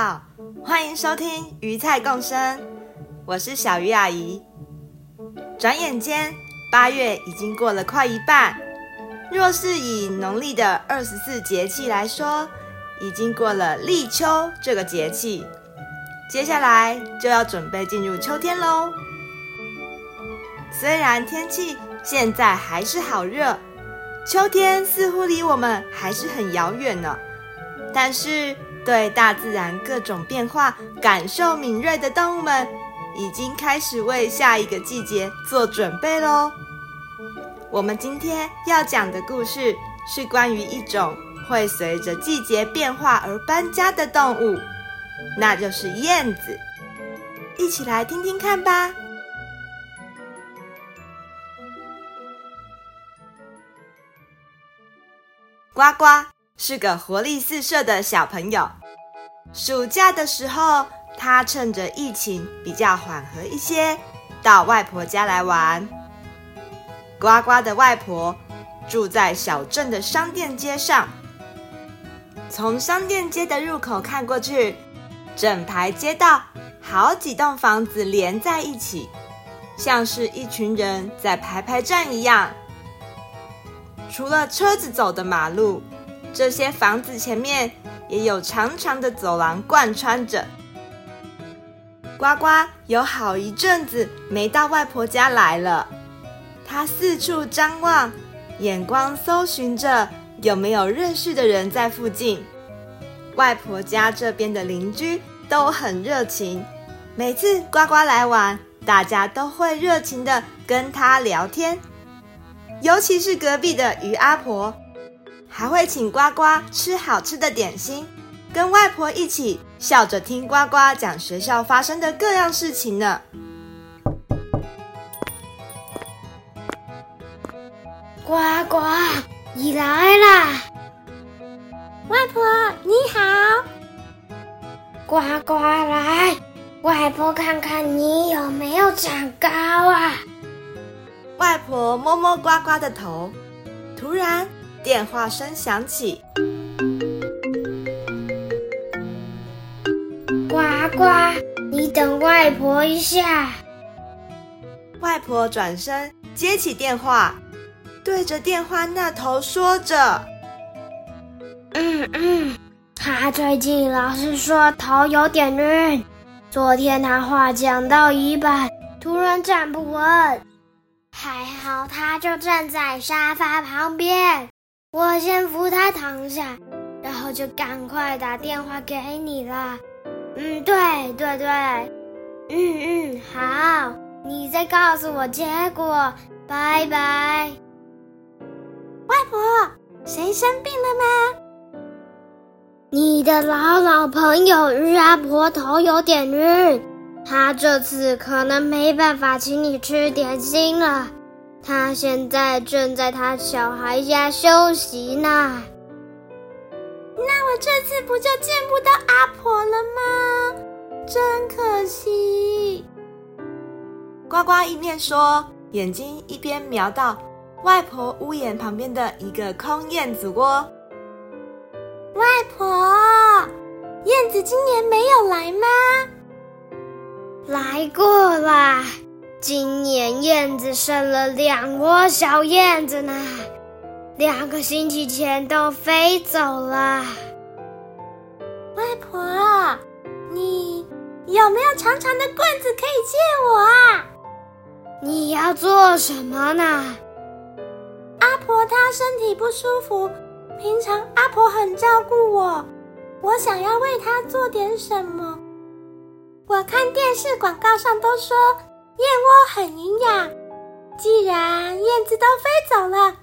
好，歡迎收聽《魚菜共聲》，我是小魚阿姨。轉眼間，八月已經過了快一半。若是以農曆的二十四節氣來說，已經過了立秋這個節氣，接下來就要準備進入秋天嘍。雖然天氣現在還是好熱，秋天似乎離我們還是很遙遠呢，但是，對大自然各種變化感受敏銳的動物們，已經開始為下一個季節做準備嘍。我們今天要講的故事是關於一種會隨着季節變化而搬家的動物，那就是燕子。一起來聽聽看吧。呱呱是個活力四射的小朋友。暑假的時候，他趁着疫情比較緩和一些，到外婆家來玩。呱呱的外婆住在小鎮的商店街上。從商店街的入口看過去，整排街道好幾棟房子連在一起，像是一群人在排排站一樣。除了車子走的馬路，這些房子前面，也有長長的走廊貫穿着。呱呱有好一陣子沒到外婆家來了，它四處張望，眼光搜尋着有沒有認識的人在附近。外婆家這邊的鄰居都很熱情，每次呱呱來玩，大家都會熱情地跟他聊天，尤其是隔壁的魚阿婆。還會請呱呱吃好吃的點心，跟外婆一起笑着聽呱呱講學校發生的各樣事情呢。呱呱，你來啦！外婆，你好！呱呱來！外婆看看你有沒有長高啊！外婆摸摸呱呱的頭，突然。電話聲響起，呱呱，你等外婆一下。外婆轉身接起電話，對着電話那頭說着：“嗯嗯，他、嗯、最近老是說頭有點暈，昨天他話講到一半，突然站不穩，還好他就站在沙發旁邊。”我先扶他躺下，然後就趕快打電話給你了。嗯，對對對，嗯嗯，好，你再告訴我結果，拜拜。外婆，誰生病了嗎？你的老老朋友玉阿婆頭有點暈，她這次可能沒辦法請你吃點心了。他現在正在他小孩家休息呢。那我這次不就見不到阿婆了嗎？真可惜。呱呱一面說，眼睛一邊瞄到外婆屋檐旁邊的一個空燕子窩。外婆，燕子今年沒有來嗎？來過啦。今年燕子生了兩窩小燕子呢，兩個星期前都飛走了。外婆，你有沒有長長的棍子可以借我啊？你要做什麼呢？阿婆她身體不舒服，平常阿婆很照顧我，我想要為她做點什麼。我看電視廣告上都說。燕窩很營養，既然燕子都飛走了，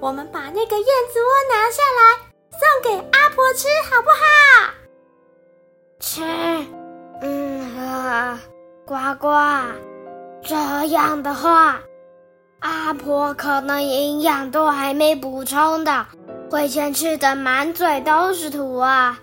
我們把那個燕子窩拿下來送給阿婆吃，好不好？吃，嗯，呱呱，這樣的話，阿婆可能營養都還沒補充的，會先吃的滿嘴都是土啊。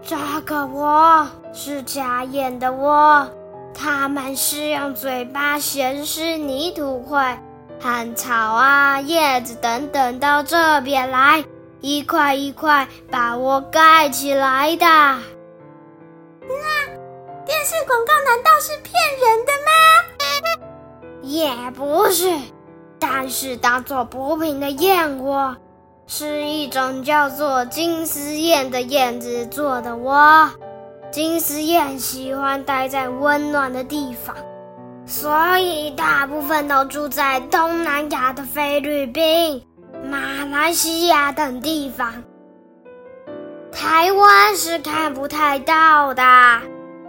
這個窩是家燕的窩。他們是用嘴巴銜濕泥土塊、乾草啊、葉子等等到這邊來，一塊一塊把窩蓋起來的。那電視廣告難道是騙人的嗎？也不是，但是當做補品的燕窩，是一種叫做金絲燕的燕子做的窩。金絲燕喜歡待在溫暖的地方，所以大部分都住在東南亞的菲律賓、馬來西亞等地方。台灣是看不太到的。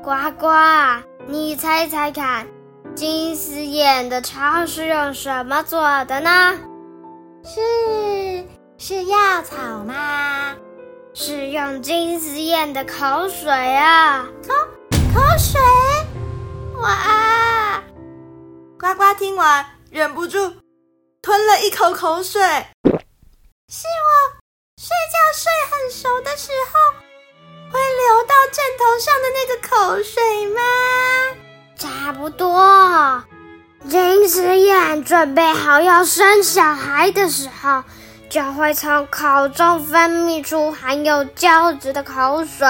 呱呱，你猜猜看，金絲燕的巢是用什麼做的呢？是是藥草嗎？是用金絲燕的口水啊！口、哦、口水，哇！呱呱聽完忍不住吞了一口口水。是我睡覺睡很熟的時候會流到枕頭上的那個口水嗎？差不多。金絲燕準備好要生小孩的時候，就會從口中分泌出含有膠質的口水，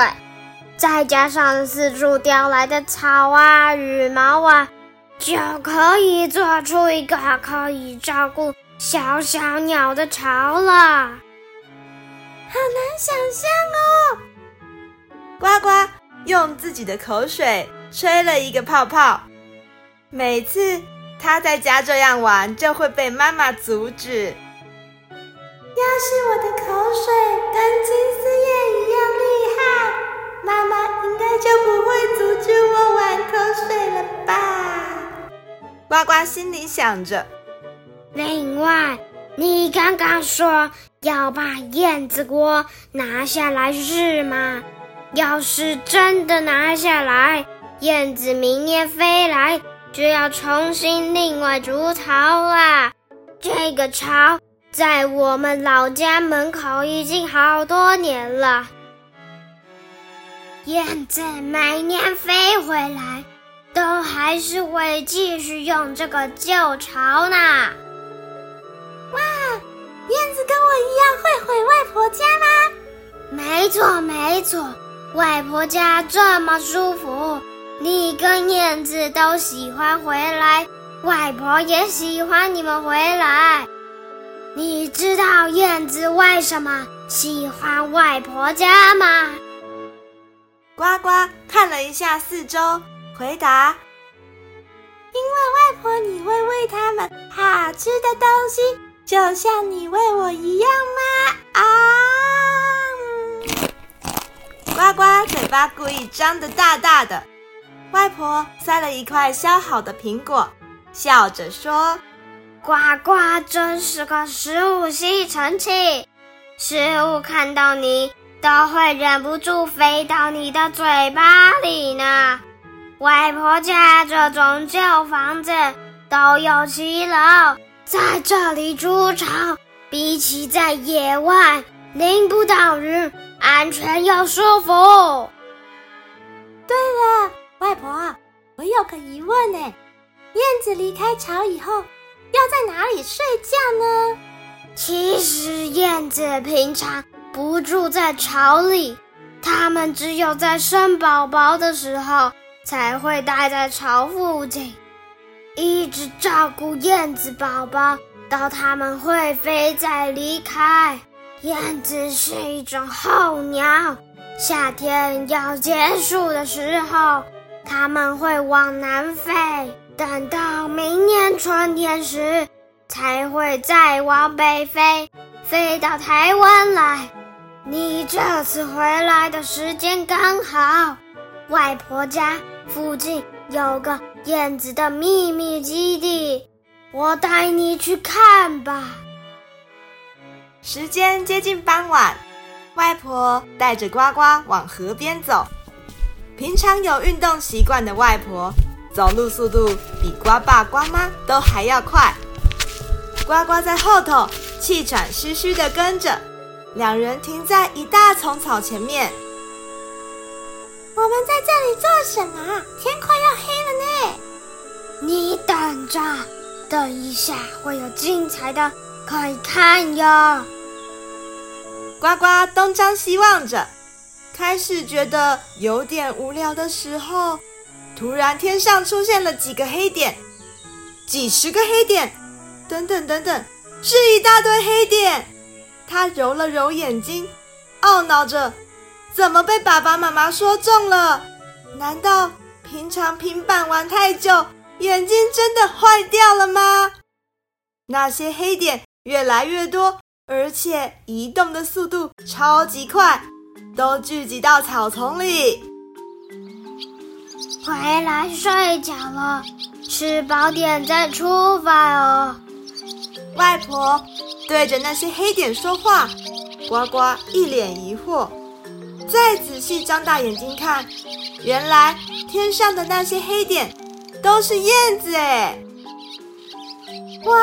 再加上四處叼來的草啊、羽毛啊，就可以做出一個可以照顧小小鳥的巢了。好難想象哦！呱呱用自己的口水吹了一個泡泡。每次他在家這樣玩，就會被媽媽阻止。要是我的口水跟金絲燕一樣厲害，媽媽應該就不會阻止我玩口水了吧？呱呱心裡想着。另外，你剛剛說要把燕子窩拿下來是嗎？要是真的拿下來，燕子明年飛來就要重新另外築巢啦。這個巢。在我們老家門口已經好多年了，燕子每年飛回來，都還是會繼續用這個舊巢呢。哇，燕子跟我一樣會回外婆家嗎？沒錯沒錯，外婆家這麼舒服，你跟燕子都喜歡回來，外婆也喜歡你們回來。你知道燕子為什麼喜歡外婆家嗎？呱呱看了一下四周，回答：“因為外婆你會餵它們好吃的東西，就像你餵我一樣嗎？”啊！嗯、呱呱嘴巴故意張得大大的，外婆塞了一塊削好的蘋果，笑着說。呱呱，真是個食物吸塵器，食物看到你都會忍不住飛到你的嘴巴裡呢。外婆家這種舊房子都有騎樓，在這裡築巢，比起在野外淋不到雨，安全又舒服。對了，外婆，我有個疑問呢，燕子離開巢以後。要在哪裡睡覺呢？其實燕子平常不住在巢裡，它們只有在生寶寶的時候才會待在巢附近，一直照顧燕子寶寶，到它們會飛再離開。燕子是一種候鳥，夏天要結束的時候，它們會往南飛。等到明年春天時，才會再往北飛，飛到台灣來。你這次回來的時間剛好，外婆家附近有個燕子的秘密基地，我帶你去看吧。時間接近傍晚，外婆帶着呱呱往河邊走。平常有運動習慣的外婆，走路速度比瓜爸瓜媽都還要快，瓜瓜在後頭氣喘籲籲地跟着。兩人停在一大叢草前面，我們在這裡做什麼？天快要黑了呢。你等着，等一下會有精彩的，快看喲！瓜瓜東張西望着，開始覺得有點無聊的時候。突然，天上出現了幾個黑點，幾十個黑點，等等等等，是一大堆黑點。他揉了揉眼睛，懊惱着：怎麼被爸爸媽媽說中了？難道平常平板玩太久，眼睛真的壞掉了嗎？那些黑點越來越多，而且移動的速度超級快，都聚集到草叢裡。回來睡覺了，吃飽點再出發哦。外婆對着那些黑點說話，呱呱一臉疑惑。再仔細張大眼睛看，原來天上的那些黑點都是燕子哎！哇，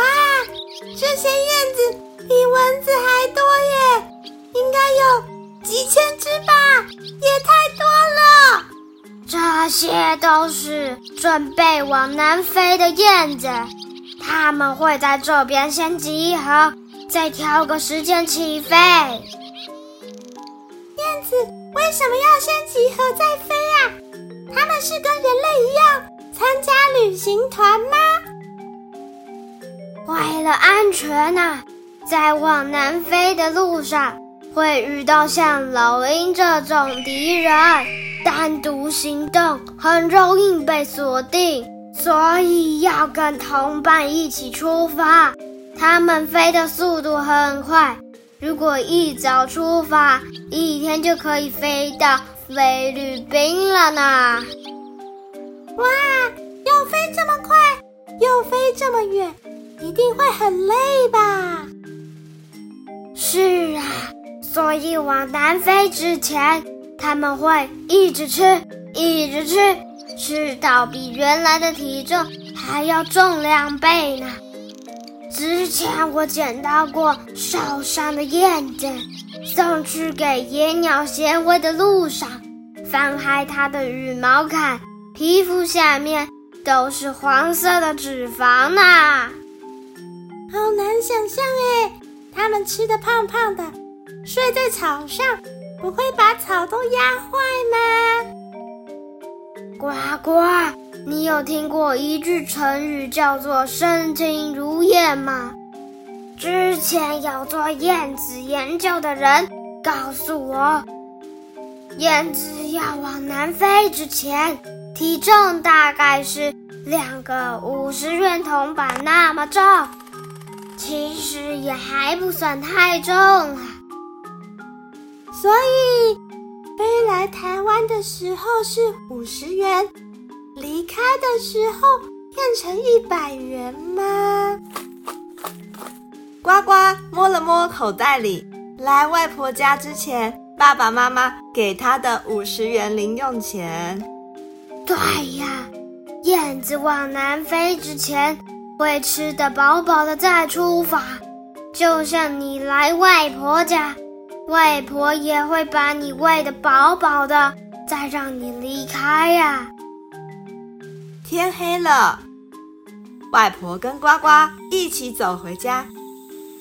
這些燕子比蚊子還多耶，應該有幾千隻吧？也太多了。這些都是準備往南飛的燕子，他們會在這邊先集合，再挑個時間起飛。燕子為什麼要先集合再飛呀？他們是跟人類一樣參加旅行團嗎？為了安全吶，在往南飛的路上會遇到像老鷹這種敵人。單獨行動很容易被鎖定，所以要跟同伴一起出發。他們飛的速度很快，如果一早出發，一天就可以飛到菲律賓了呢。哇，要飛這麼快，又飛這麼遠，一定會很累吧？是啊，所以往南飛之前。他們會一直吃，一直吃，吃到比原來的體重還要重兩倍呢。之前我撿到過受傷的燕子，送去給野鳥協會的路上，翻開它的羽毛看，皮膚下面都是黃色的脂肪呢。好難想象哎，它們吃得胖胖的，睡在草上。不會把草都壓壞嗎？呱呱，你有聽過一句成語叫做“身輕如燕”嗎？之前有做燕子研究的人告訴我，燕子要往南飛之前，體重大概是兩個五十元銅板那麼重，其實也還不算太重啊。所以，飛來台灣的時候是五十元，離開的時候變成一百元嗎？呱呱摸了摸口袋裡，來外婆家之前，爸爸媽媽給他的五十元零用錢。對呀，燕子往南飛之前，會吃得飽飽的再出發，就像你來外婆家。外婆也會把你餵得飽飽的，再讓你離開呀、啊。天黑了，外婆跟呱呱一起走回家，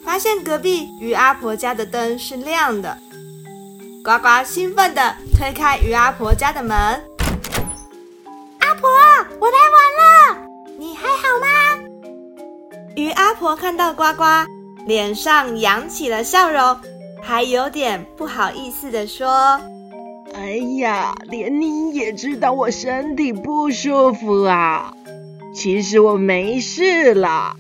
發現隔壁於阿婆家的燈是亮的。呱呱興奮地推開於阿婆家的門，阿婆，我來晚了，你還好嗎？於阿婆看到呱呱，臉上揚起了笑容。還有點不好意思地說：“哎呀，連你也知道我身體不舒服啊！其實我沒事啦，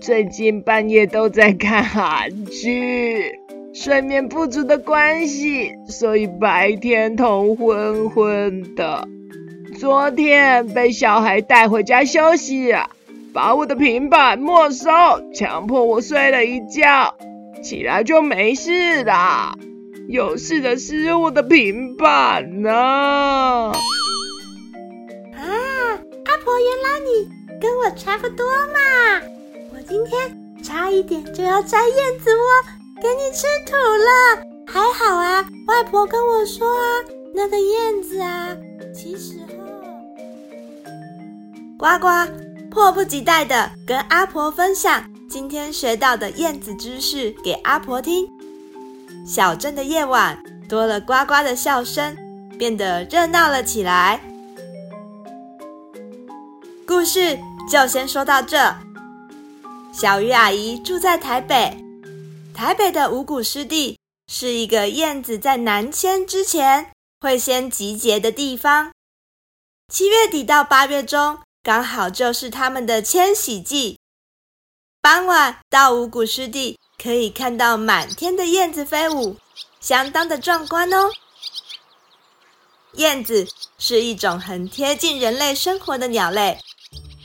最近半夜都在看韓劇，睡眠不足的關係，所以白天頭昏昏的。昨天被小孩帶回家休息，把我的平板沒收，強迫我睡了一覺。”起來就沒事啦，有事的是我的平板呢，啊。啊，阿婆，原來你跟我差不多嘛！我今天差一點就要摘燕子窩給你吃土了，還好啊。外婆跟我說啊，那個燕子啊，其實哈，呱呱迫不及待的跟阿婆分享。今天學到的燕子知識給阿婆聽。小鎮的夜晚多了呱呱的笑聲，變得熱鬧了起來。故事就先說到這。小魚阿姨住在台北，台北的五股濕地是一個燕子在南遷之前會先集結的地方。七月底到八月中，剛好就是它們的遷徙季。傍晚到五股濕地，可以看到滿天的燕子飛舞，相當的壯觀哦。燕子是一種很貼近人類生活的鳥類。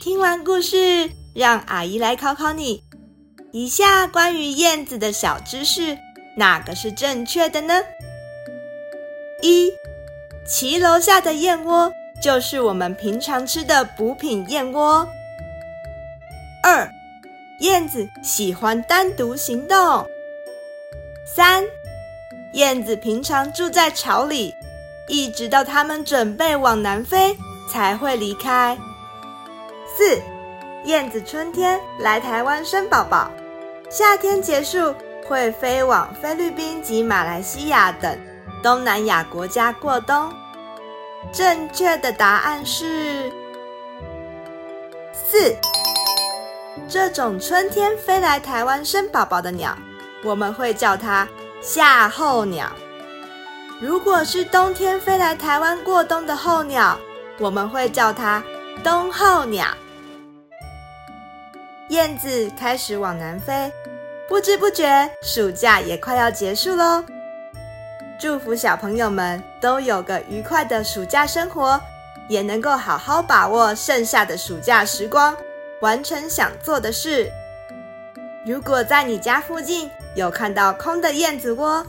聽完故事，讓阿姨來考考你：以下關於燕子的小知識，哪個是正確的呢？一，騎樓下的燕窩就是我們平常吃的補品燕窩。二，燕子喜歡單獨行動。三，燕子平常住在巢裡，一直到它們準備往南飛才會離開。四，燕子春天來台灣生寶寶，夏天結束會飛往菲律賓及馬來西亞等東南亞國家過冬。正確的答案是四。4. 這種春天飛來台灣生寶寶的鳥，我們會叫它夏候鳥。如果是冬天飛來台灣過冬的候鳥，我們會叫它冬候鳥。燕子開始往南飛，不知不覺，暑假也快要結束嘍。祝福小朋友們都有個愉快的暑假生活，也能夠好好把握剩下的暑假時光。完成想做的事。如果在你家附近有看到空的燕子窩，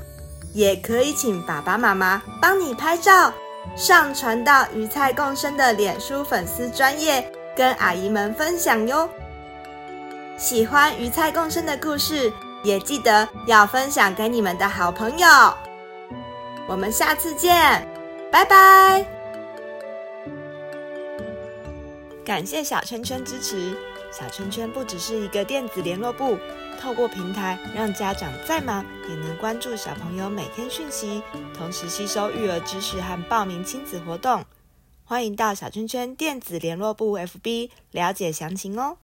也可以請爸爸媽媽幫你拍照，上傳到“魚菜共生”的臉書粉絲專頁，跟阿姨們分享喲。喜歡“魚菜共生”的故事，也記得要分享給你們的好朋友。我們下次見，拜拜。感謝小圈圈支持。小圈圈不只是一個電子聯絡簿，透過平台讓家長再忙也能關注小朋友每天訊息，同時吸收育兒知識和報名親子活動。歡迎到小圈圈電子聯絡簿 FB 了解詳情哦。